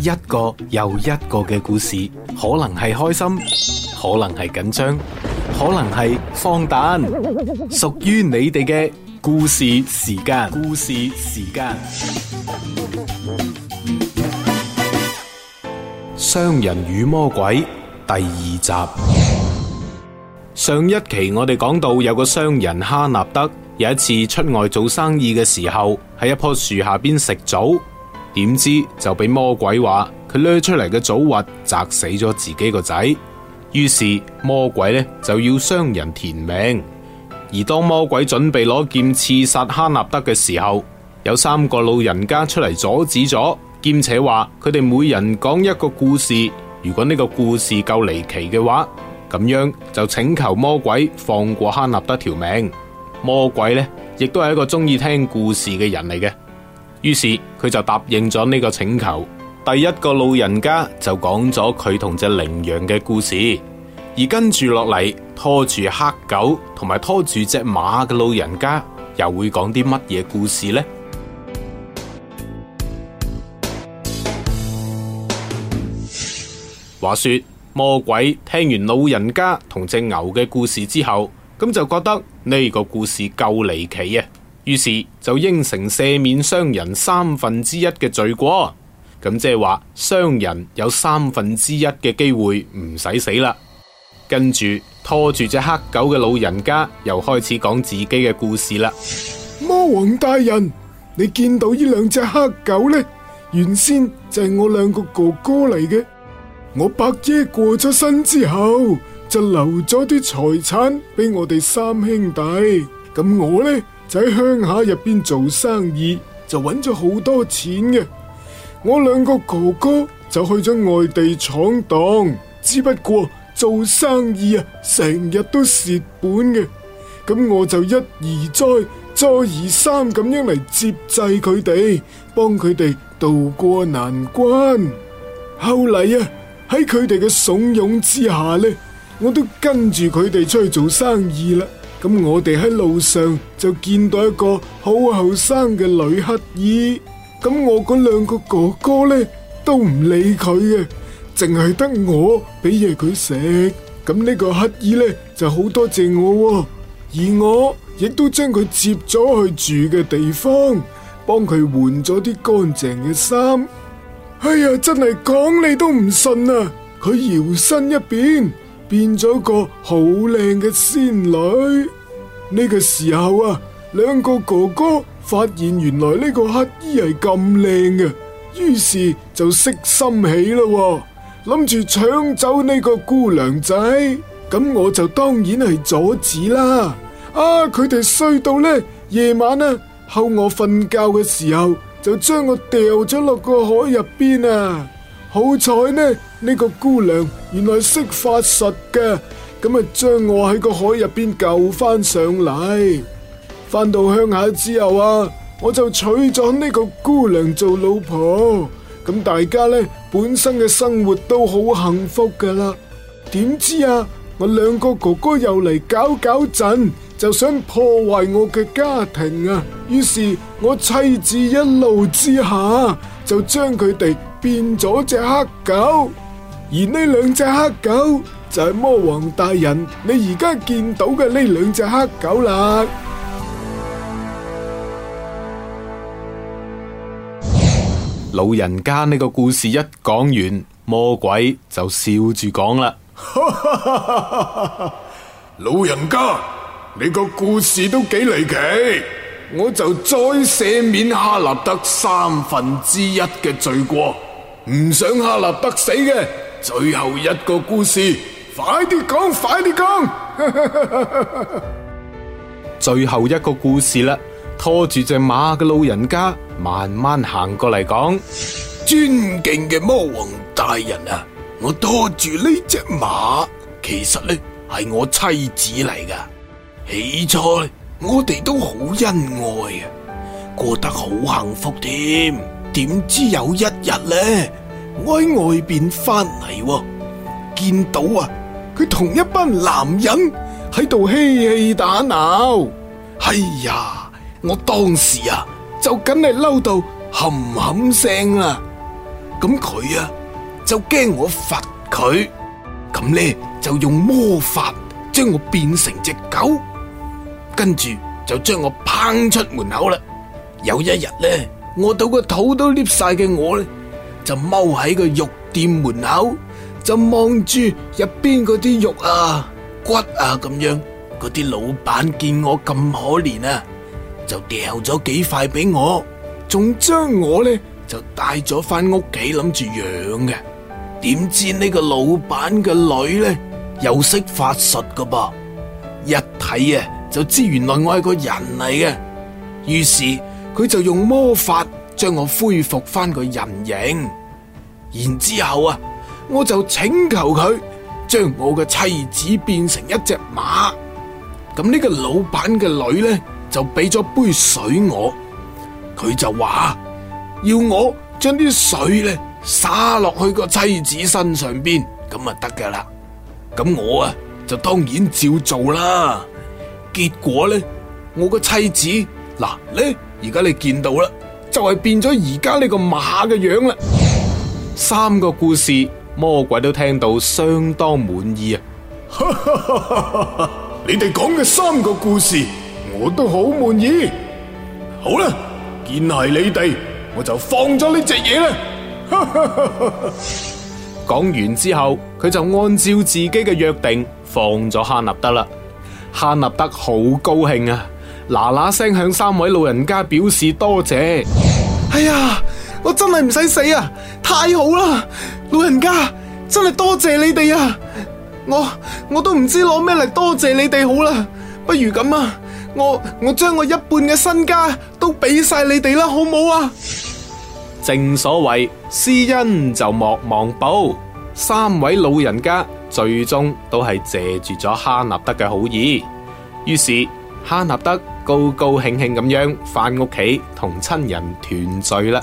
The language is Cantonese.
一個又一個嘅故事，可能係開心，可能係緊張，可能係荒誕，屬於 你哋嘅故事時間。故事時間。商人與魔鬼第二集。 上一期我哋講到有個商人哈納德，有一次出外做生意嘅時候，喺一棵樹下邊食棗。點知就俾魔鬼話佢掠出嚟嘅棗核砸死咗自己個仔，於是魔鬼呢就要傷人填命。而當魔鬼準備攞劍刺殺哈納德嘅時候，有三個老人家出嚟阻止咗，兼且話佢哋每人講一個故事，如果呢個故事夠離奇嘅話，咁樣就請求魔鬼放過哈納德條命。魔鬼呢亦都係一個中意聽故事嘅人嚟嘅。於是佢就答應咗呢個請求。第一個老人家就講咗佢同隻羚羊嘅故事，而跟住落嚟拖住黑狗同埋拖住隻馬嘅老人家，又會講啲乜嘢故事呢？ 話說，魔鬼聽完老人家同隻牛嘅故事之後，咁就覺得呢個故事夠離奇啊！於是就應承赦免商人三分之一嘅罪過，哦，咁即係話商人有三分之一嘅機會唔使死啦。跟住拖住隻黑狗嘅老人家又開始講自己嘅故事啦。魔王大人，你見到呢兩隻黑狗呢？原先就係我兩個哥哥嚟嘅。我伯爺過咗身之後，就留咗啲財產俾我哋三兄弟。咁我呢？就喺鄉下入邊做生意就揾咗好多錢嘅，我兩個哥哥就去咗外地闖蕩，只不過做生意啊成日都蝕本嘅，咁我就一而再，再而三咁樣嚟接濟佢哋，幫佢哋渡過難關。後嚟啊喺佢哋嘅慫恿之下呢，我都跟住佢哋出去做生意啦。咁我哋喺路上就見到一個好後生嘅女乞兒，咁我嗰兩個哥哥呢都唔理佢嘅，淨係得我俾嘢佢食。咁呢個乞兒呢就好多謝我喎，而我亦都將佢接咗去住嘅地方，幫佢換咗啲乾淨嘅衫。哎呀，真係講你都唔信啊！佢搖身一變。變咗個好靚嘅仙女，呢、這個時候啊，兩個哥哥發現原來呢個黑衣係咁靚嘅，於是就色心起啦、啊，諗住搶走呢個姑娘仔。咁我就當然係阻止啦。啊，佢哋衰到呢，夜晚咧、啊，喺我瞓覺嘅時候，就將我掉咗落個海入邊啊！好彩呢！呢個姑娘原來識法術嘅，咁啊將我喺個海入邊救翻上嚟。翻到鄉下之後啊，我就娶咗呢個姑娘做老婆。咁大家呢，本身嘅生活都好幸福噶啦。點知啊，我兩個哥哥又嚟搞搞震，就想破壞我嘅家庭啊！於是我妻子一怒之下，就將佢哋變咗隻黑狗。而呢兩隻黑狗就係魔王大人，你而家見到嘅呢兩隻黑狗啦。老人家呢個故事一講完，魔鬼就笑住講啦。 老人家。你個故事都幾離奇，我就再赦免哈立德三分之一嘅罪過，唔想哈立德死嘅。最後一個故事，快啲講，快啲講。 最後一個故事啦，拖住隻馬嘅老人家，慢慢行過嚟講。尊敬嘅魔王大人啊，我拖住呢隻馬，其實咧係我妻子嚟噶。起初我哋都好恩愛啊，過得好幸福添。點知有一日咧，我喺外邊翻嚟，見到啊佢同一班男人喺度嬉戲打鬧。哎呀，我當時啊就梗係嬲到冚冚聲啦。咁佢啊就驚我罰佢，咁咧就用魔法將我變成隻狗。跟住就將我拋出門口啦。有一日咧，我到個肚都裂晒嘅，我咧，就踎喺個肉店門口，就望住入邊嗰啲肉啊、骨啊咁樣。嗰啲老闆見我咁可憐啊，就掉咗幾塊俾我，仲將我咧就帶咗翻屋企諗住養嘅。點知呢個老闆嘅女咧又識法術噶噃，一睇啊，就知原來我係個人嚟嘅，於是佢就用魔法將我恢復翻個人形，然之後啊，我就請求佢將我嘅妻子變成一隻馬，咁呢個老闆嘅女呢，就俾咗杯水我，佢就話要我將啲水呢灑落去個妻子身上邊，咁啊得噶啦，咁我啊就當然照做啦。結果咧，我個妻子嗱咧，而家你見到啦，就係變咗而家呢個馬嘅樣啦。三個故事，魔鬼都聽到相當滿意啊！ 你哋講嘅三個故事，我都好滿意。好啦，見係你哋，我就放咗呢隻嘢啦。講 完之後，佢就按照自己嘅約定放咗哈納德啦。哈納德好高興啊！嗱嗱聲向三位老人家表示多謝。哎呀，我真係唔使死啊！太好啦，老人家真係多謝你哋啊！我我都唔知攞咩嚟多謝你哋好啦，不如咁啊，我我將我一半嘅身家都俾晒你哋啦，好唔好啊？正所謂施恩就莫忘報，三位老人家最終都係借住咗哈納德嘅好意，於是哈納德高高興興咁樣返屋企同親人團聚啦。